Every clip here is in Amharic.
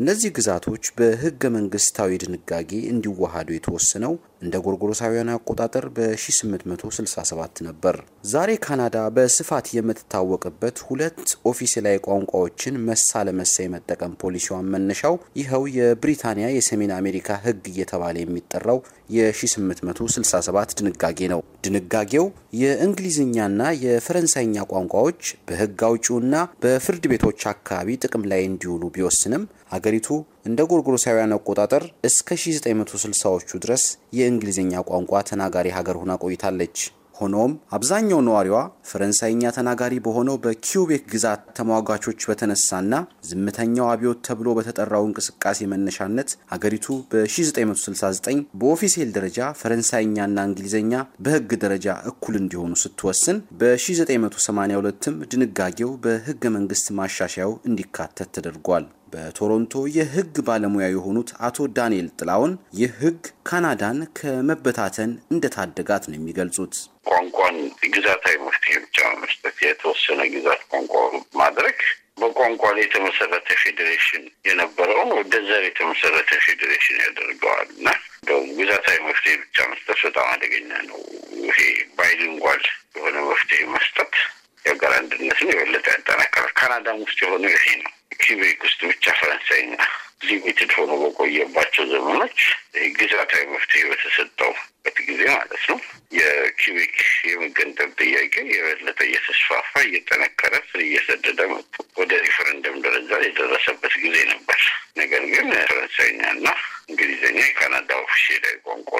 እነዚህ ግዛቶች በህገ መንግስታዊ ድንጋጌ እንዲዋሃዱ የተወሰነው እንደ ጎርጎሮሳውያን አቆጣጠር በ1867 ነበር። ዛሬ ካናዳ በስፋት የምትታወቅበት ሁለት ኦፊሴላዊ ቋንቋዎችን መሳ ለመሳ የመጠቀም ፖሊሲዋን መነሻው ይኸው የብሪታንያ የሰሜን አሜሪካ ህግ እየተባለ የሚጠራው የ1867 ድንጋጌ ነው። ድንጋጌው የእንግሊዝኛና የፈረንሳይኛ ቋንቋዎች በህግ አውጪውና በፍርድ ቤቶች አካባቢ ጥቅም ላይ እንዲውሉ ቢወስንም በሀገሪቱ እንደ ጎርጎሮሳውያን አቆጣጠር እስከ 1960ዎቹ ድረስ የእንግሊዝኛ ቋንቋ ተናጋሪ ሀገር ሆና ቆይታለች። ሆኖም አብዛኛው ነዋሪዋ ፈረንሳይኛ ተናጋሪ በሆነው በኪውቤክ ግዛት ተሟጋቾች በተነሳና ዝምተኛው አብዮት ተብሎ በተጠራው እንቅስቃሴ መነሻነት አገሪቱ በ1969 በኦፊሴል ደረጃ ፈረንሳይኛና እንግሊዝኛ በሕግ ደረጃ እኩል እንዲሆኑ ስትወስን በ1982ም ድንጋጌው በሕገ መንግስት ማሻሻያው እንዲካተት ተደርጓል። በቶሮንቶ የህግ ባለሙያ የሆኑት አቶ ዳንኤል ጥላውን ይህ ህግ ካናዳን ከመበታተን እንደታደጋት ነው የሚገልጹት። ቋንቋን ግዛታዊ መፍትሄ ብቻ መስጠት፣ የተወሰነ ግዛት ቋንቋ ማድረግ በቋንቋ ላይ የተመሰረተ ፌዴሬሽን የነበረውን ወደ ዘር የተመሰረተ ፌዴሬሽን ያደርገዋል እና እንደውም ግዛታዊ መፍትሄ ብቻ መስጠት በጣም አደገኛ ነው። ይሄ ባይሊንጓል የሆነ መፍትሄ መስጠት የሀገር አንድነትን የበለጠ ያጠናከራል። ካናዳም ውስጥ የሆነው ይሄ ነው። ኪቤክ ውስጥ ብቻ ፈረንሳይኛ ሊሚትድ ሆኖ በቆየባቸው ዘመኖች ግዛታዊ መፍትሄ በተሰጠውበት ጊዜ ማለት ነው የኪቤክ የመገንጠል ጥያቄ የበለጠ እየተስፋፋ እየጠነከረ ስር እየሰደደ መጡ። ወደ ሪፈረንደም ደረጃ የደረሰበት ጊዜ ነበር። ነገር ግን ፈረንሳይኛና እንግሊዝኛ የካናዳ ኦፊሴላዊ ቋንቋ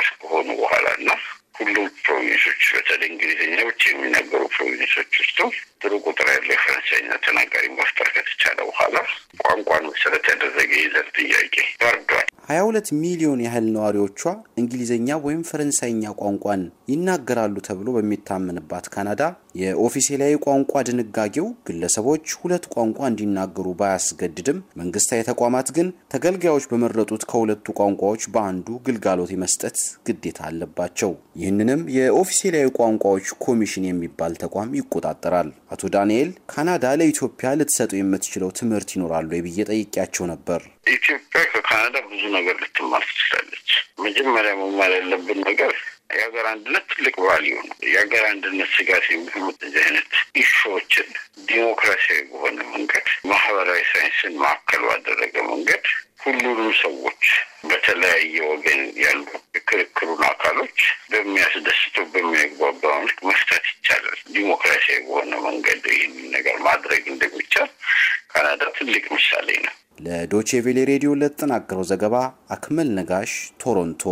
ብቸኛ ተናጋሪ መፍጠር ከተቻለ በኋላ ቋንቋን መሰረት ያደረገ ይዘት ጥያቄ ተርዷል። ሀያ ሁለት ሚሊዮን ያህል ነዋሪዎቿ እንግሊዝኛ ወይም ፈረንሳይኛ ቋንቋን ይናገራሉ ተብሎ በሚታመንባት ካናዳ የኦፊሴላዊ ቋንቋ ድንጋጌው ግለሰቦች ሁለት ቋንቋ እንዲናገሩ ባያስገድድም መንግስታዊ ተቋማት ግን ተገልጋዮች በመረጡት ከሁለቱ ቋንቋዎች በአንዱ ግልጋሎት የመስጠት ግዴታ አለባቸው። ይህንንም የኦፊሴላዊ ቋንቋዎች ኮሚሽን የሚባል ተቋም ይቆጣጠራል። አቶ ዳንኤል ካናዳ ለኢትዮጵያ ልትሰጡ የምትችለው ትምህርት ይኖራሉ ብዬ ጠይቄያቸው ነበር። ኢትዮጵያ ከካናዳ ብዙ ነገር ልትማር ትችላለች። መጀመሪያ መማር ያለብን ነገር የሀገር አንድነት ትልቅ ቫሊዩ ነው። የሀገር አንድነት ስጋት የሚሆኑት እዚህ አይነት ኢሹዎችን ዲሞክራሲያዊ በሆነ መንገድ ማህበራዊ ሳይንስን ማዕከል ባደረገ መንገድ ሁሉንም ሰዎች በተለያየ ወገን ያሉ የክርክሩን አካሎች በሚያስደስተው በሚያግባባ መልክ መፍታት ይቻላል። ዲሞክራሲያዊ በሆነ መንገድ ይህን ነገር ማድረግ እንደሚቻል ካናዳ ትልቅ ምሳሌ ነው። ለዶቼቬሌ ሬዲዮ ለተጠናቀረው ዘገባ አክመል ነጋሽ ቶሮንቶ